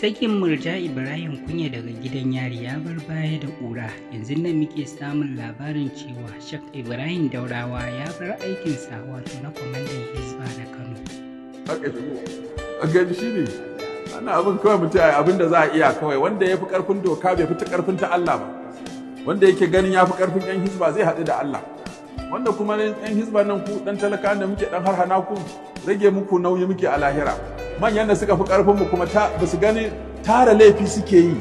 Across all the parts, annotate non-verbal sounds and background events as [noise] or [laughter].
Sakin Murja Ibrahim kunya daga gidan yari ya bar baya da ƙura yanzu nan muke samun labarin cewa Shak Ibrahim Daurawa ya bar aikinsa wato na kwamandan Hizba na Kano. A gani shi ne, ana abin kawai mutum abin da za a iya kawai wanda ya fi ƙarfin doka bai fi ƙarfin ta Allah ba. Wanda yake ganin ya fi ƙarfin 'yan Hizba zai haɗu da Allah. Wanda kuma 'yan Hizba nan ku ɗan talaka da muke ɗan harhana ku rage muku nauyi muke a lahira. manyan da suka fi karfin mu kuma ba su gani tara laifi suke yi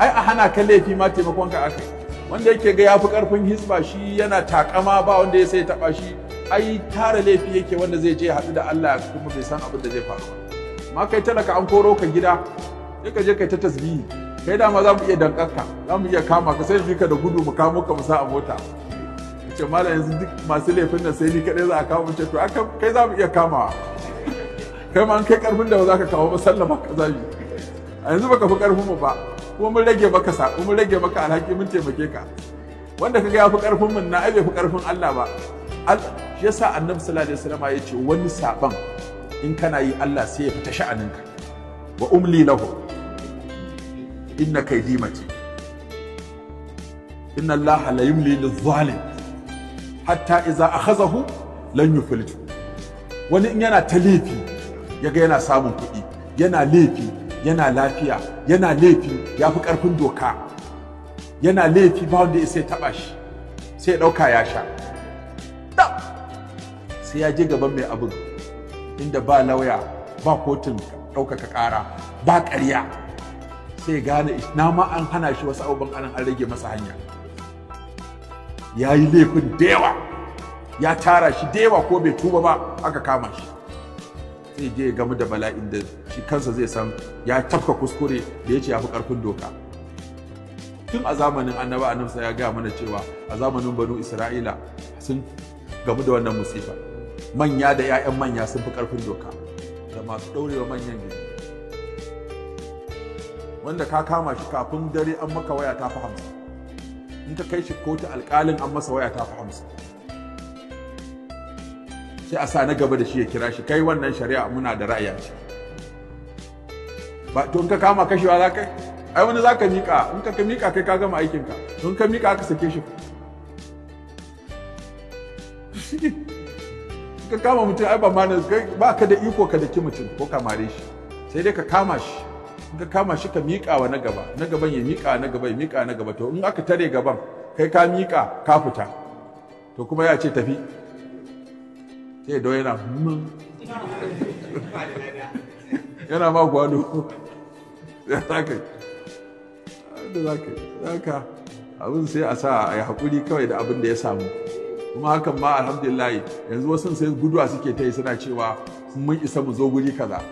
ai a hana ka laifi ma taimakon ka aka wanda yake ga ya fi karfin hisba shi yana takama ba wanda ya sai taba shi ai tara laifi yake wanda zai je haɗu da Allah kuma bai san abin da zai faru ba ma kai talaka an koro ka gida sai ka je kai ta tasbihi kai dama za mu iya dankarka za mu iya kama ka sai ka da gudu mu kamo ka mu sa a mota ce mala yanzu duk masu laifin nan sai ni kaɗai za a kama ce to kai za mu iya kamawa kai ma an kai karfin da ba za ka kawo ba ba ka zabi a yanzu baka fi karfin mu ba Kuma mun rage maka sa mun rage maka alhaki mun taimake ka wanda kaga ya fi karfin mun na ai bai fi karfin Allah ba shi yasa annabi sallallahu alaihi wasallam ya ce wani saban in kana yi Allah sai ya fita sha'aninka wa umli lahu inna kaydi inna Allah la yumli lil-zalim hatta idza akhazahu lan yufliju wani in yana talifi ya ga yana samun kuɗi yana laifi yana lafiya yana laifi ya fi ƙarfin doka yana laifi ba wanda ya sai taɓa shi sai ya ɗauka ya sha sai ya je gaban mai abin inda ba lauya ba kotun ɗaukaka ƙara ba ƙarya sai gane na ma an hana shi wasu abubuwan ana an rage masa hanya ya yi laifin da yawa ya tara shi da yawa ko bai tuba ba aka kama shi sai je ya gamu da bala'in da shi kansa zai san ya tafka kuskure da ya ce ya fi ƙarfin doka tun a zamanin annaba annabsa ya gaya mana cewa a zamanin banu isra'ila sun gamu da wannan musifa manya da 'ya'yan manya sun fi ƙarfin doka da masu ɗaurewa manyan gini wanda ka kama shi kafin dare an maka waya ta fi hamsin in ka kai shi kotu alkalin an masa waya ta fi hamsin sai a sa na gaba da shi ya kira shi kai wannan shari'a muna da ra'ayi ce ba to in ka kama kashewa za kai ai wani za ka miƙa in ka ka miƙa kai ka gama aikin ka in ka miƙa aka sake shi [laughs] ka kama mutum ai ba ma ba ka da iko ka daki mutum ko ka mare shi sai dai ka kama shi in ka kama shi ka mika wa na gaba na gaban ya miƙa na gaba ya miƙa na gaba to in aka tare gaban kai ka miƙa ka fita to kuma ya ce tafi sai don yana yana ma gwado ya za ka da za ka abin sai a sa a yi haƙuri kawai da abin da ya samu kuma hakan ma alhamdulillah yanzu wasu sai guduwa suke ta yi suna cewa mun isa mu zo guri kaza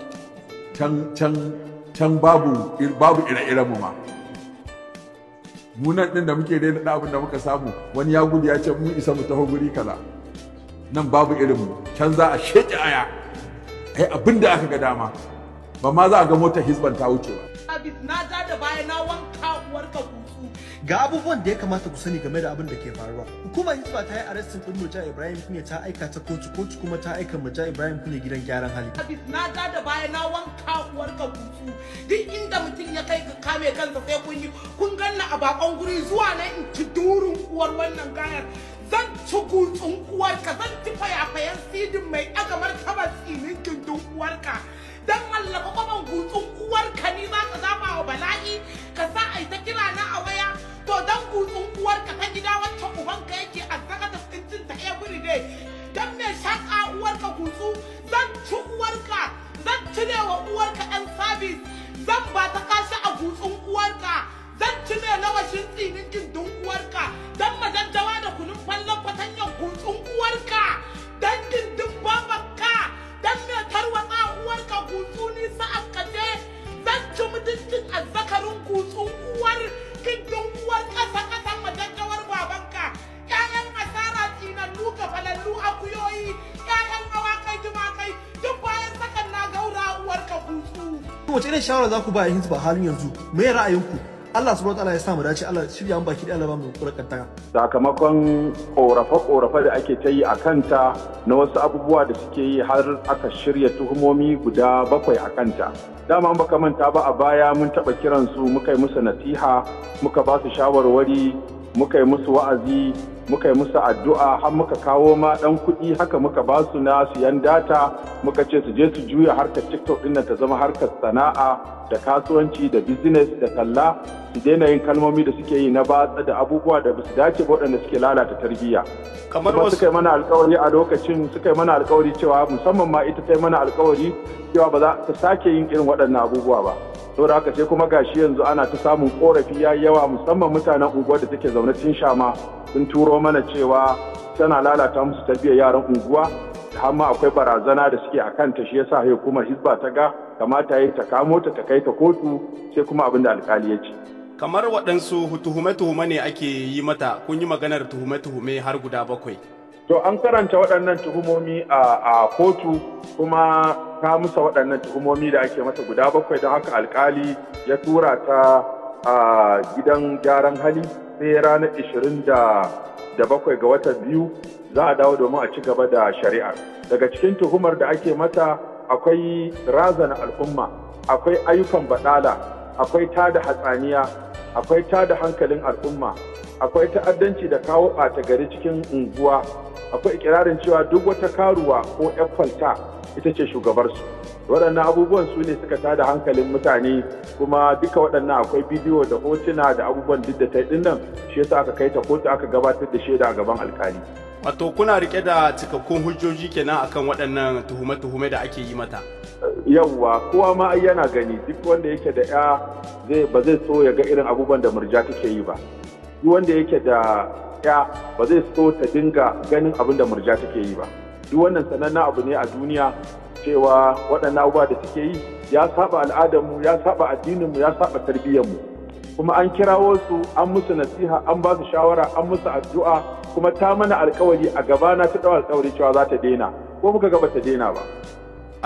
can can can babu babu ire-iren mu ma munan din da muke daina abin da muka samu wani ya gudu ya ce mun isa mu taho guri kaza nan babu irin can za a sheƙi aya ai abin da aka ga dama ba ma za a ga motar hisban ta wuce ba na ja da baya wanka uwar ka ga abubuwan da ya kamata ku sani game da abin da ke faruwa hukumar hisba ta yi arrestin din murja ibrahim kunya ta aika ta kotu kotu kuma ta aika murja ibrahim kunya gidan gyaran hali na ja da baya na wanka uwar ka kusu duk inda mutum ya kai ka kame kansa sai kun yi kun ganna a bakon guri zuwa na in ci durin uwar wannan gayar zan ci gutsun uwarka zan ci fayafayen sidin mai agamar tabar tsinin gindin uwarka dan Allah kwaban gutsun uwarka ni za ka zama wa bala'i ka sa ai ta kira na a waya to dan gutsun uwarka ka gida wacce ubanka yake azzaka da tsincin ta every eh, day dan me shaka uwarka gutsu zan ci uwarka zan cire wa uwarka yan sabis zan ba ta kashi wannan shawara za ku ba a ba halin yanzu me ra'ayinku Allah subhanahu wataala ya sa mu dace Allah shirya mu baki da Allah ba mu kurakanta sakamakon ƙorafe-ƙorafe da ake ta yi a kanta na wasu abubuwa da suke yi har aka shirya tuhumomi guda bakwai a kanta dama an baka manta ba a baya mun taɓa kiran su muka yi musu nasiha muka ba su shawarwari muka yi musu wa'azi muka yi musu addu'a har muka kawo ma dan kuɗi haka muka ba su na siyan data muka ce su je su juya harkar tiktok din ta zama harkar sana'a da kasuwanci da business da talla su daina yin kalmomi da suke yi na batsa da abubuwa da ba su dace ba waɗanda suke lalata tarbiyya kamar wasu suka yi mana alkawari a lokacin suka yi mana alkawari cewa musamman ma ita ta yi mana alkawari cewa ba za ta sake yin irin waɗannan abubuwa ba saboda haka sai kuma gashi yanzu ana ta samun korafi ya yawa musamman mutanen unguwar da take zaune cin shama sun turo mana cewa tana lalata musu ta tarbiyyar yaran unguwa har ma akwai barazana da suke a kanta shi yasa sa hukumar hizba ta ga kamata ya ta kamo ta ta kai ta kotu sai kuma abin da alkali ya ce. kamar waɗansu tuhume-tuhume ne ake yi mata kun yi maganar tuhume-tuhume har guda bakwai. to an karanta waɗannan tuhumomi a kotu kuma ta musa waɗannan tuhumomi da ake mata guda bakwai don haka alkali ya tura ta a gidan gyaran hali sai ranar 27 ga watan biyu za a dawo domin a ci gaba da shari'ar daga cikin tuhumar da ake mata akwai razana al'umma akwai ayyukan baɗala akwai tada hatsaniya akwai tada hankalin al'umma akwai ta'addanci da kawo ɓata gari cikin unguwa akwai ikirarin cewa duk wata karuwa ko 'yan falta ita ce shugabarsu waɗannan abubuwan su ne suka tada hankalin mutane kuma duka waɗannan akwai bidiyo da hotuna da abubuwan duk da ta ɗin nan shi yasa aka kai ta kotu aka gabatar da shaida a gaban alkali wato kuna rike da cikakkun hujjoji kenan akan waɗannan tuhume-tuhume da ake yi mata yawwa kowa ma ai yana gani duk wanda yake da ya zai ba zai so ya ga irin abubuwan da murja take yi ba duk wanda yake da ya ba zai so ta dinga ganin abin da murja take yi ba duk wannan sanannen abu ne a duniya cewa waɗannan abubuwa da suke yi ya saba al'adarmu ya saba addininmu ya saba tarbiyyarmu kuma an kirawo su an musu nasiha an ba su shawara an musu addu'a kuma ta mana alkawari a gabana ta ɗau alkawari cewa za ta daina ko muka gaba ta daina ba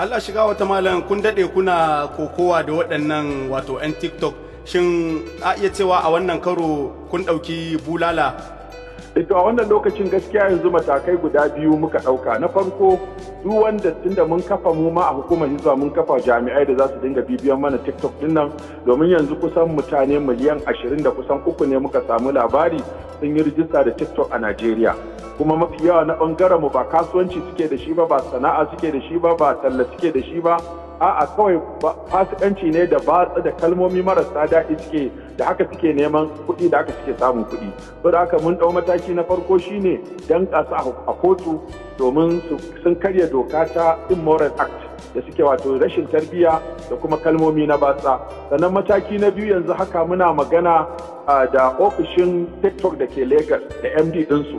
Allah shiga wata malam kun daɗe kuna kokowa da waɗannan wato 'yan TikTok shin a iya cewa a wannan karo kun ɗauki bulala to a wannan lokacin gaskiya yanzu matakai guda biyu muka ɗauka na farko duk wanda tunda mun kafa mu ma a hukumar hizba mun kafa jami'ai da za su dinga bibiyan mana tiktok din nan domin yanzu kusan mutane miliyan ashirin da kusan uku ne muka samu labari sun yi rijista da tiktok a najeriya kuma mafi yawa na ɓangaren mu ba kasuwanci suke da shi ba ba sana'a suke da shi ba ba talla suke da shi ba a'a kawai fasikanci ne da batsa da kalmomi marasa daɗi suke da haka suke neman kuɗi da haka suke samun kuɗi to da haka mun ɗau mataki na farko shine dan kasa a kotu domin sun karya doka ta immoral act da suke wato rashin tarbiyya da kuma kalmomi na batsa sannan mataki na biyu yanzu haka muna magana da ofishin tiktok da ke lagos da md ɗinsu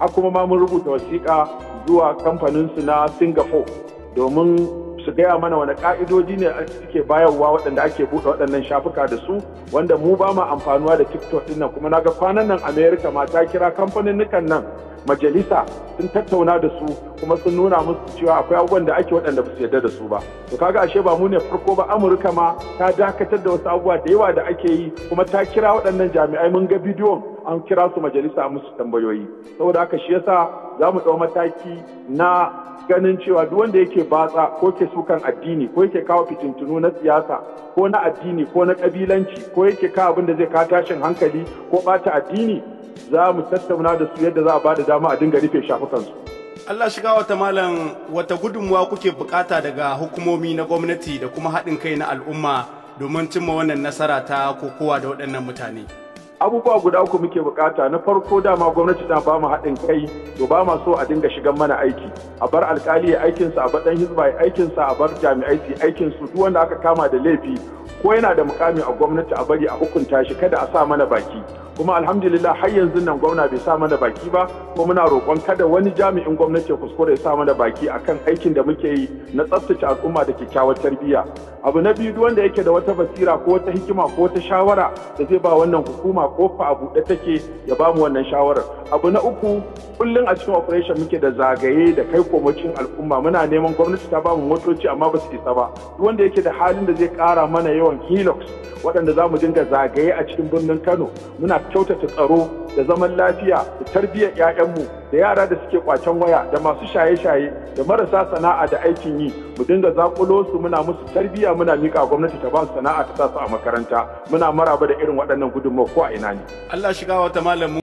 a kuma ma mun rubuta wasiƙa zuwa kamfanin su na singapore domin su gaya mana wani ka'idoji ne suke bayarwa waɗanda ake buɗe waɗannan shafuka da su wanda mu ba ma amfanuwa da tiktok ɗin nan kuma naga kwanan nan amerika ma ta kira kamfaninnukan nan majalisa sun tattauna da su kuma sun nuna musu cewa akwai abubuwan da ake waɗanda ba su yarda da su ba to kaga ashe ba mu ne farko ba amurka ma ta dakatar da wasu abubuwa da yawa da ake yi kuma ta kira waɗannan jami'ai mun ga bidiyon an kira su majalisa musu tambayoyi saboda haka shi yasa za mu ɗau mataki na ganin cewa duk wanda yake batsa ko ke sukan addini ko yake kawo fitintunu na siyasa ko na addini ko na kabilanci ko yake kawo abin da zai kawo tashin hankali ko bata addini za mu tattauna da su yadda za a bada dama a dinga rufe shafukansu. Allah shiga wata malam wata gudunmuwa kuke bukata daga hukumomi na gwamnati da kuma haɗin kai na al'umma domin cimma wannan nasara ta kokowa da waɗannan mutane. abubuwa guda uku muke bukata na farko dama gwamnati ta bamu haɗin kai to ba ma so a dinga shigan mana aiki a bar alkali ya aikinsa a bar hisba, hizba ya aikinsa a bar jami'ai su yi duk wanda aka kama da laifi ko yana da mukami a gwamnati a bari a hukunta shi kada a sa mana baki kuma alhamdulillah har yanzu nan gwamna bai sa mana baki ba ko muna roƙon kada wani jami'in gwamnati ya kuskure ya sa mana baki akan aikin da muke yi na tsaftace al'umma da kyakkyawar tarbiyya abu na biyu wanda yake da wata basira ko wata hikima ko wata shawara da zai ba wannan hukuma kofa a buɗe take ya ba mu wannan shawarar abu na uku kullum a cikin operation muke da zagaye da kai komacin al'umma muna neman gwamnati ta ba mu motoci amma ba su isa ba wanda yake da halin da zai ƙara mana yawan ayyukan HELOX waɗanda za mu dinga zagaye a cikin birnin Kano muna kyautata tsaro da zaman lafiya da tarbiyyar 'ya'yanmu da yara da suke kwacen waya da masu shaye-shaye da marasa sana'a da aikin yi mu dinga zakulo su muna musu tarbiyya muna mika gwamnati ta ba su sana'a ta sa su a makaranta muna maraba da irin waɗannan gudunmawa ko a ina ne Allah shiga wata malamu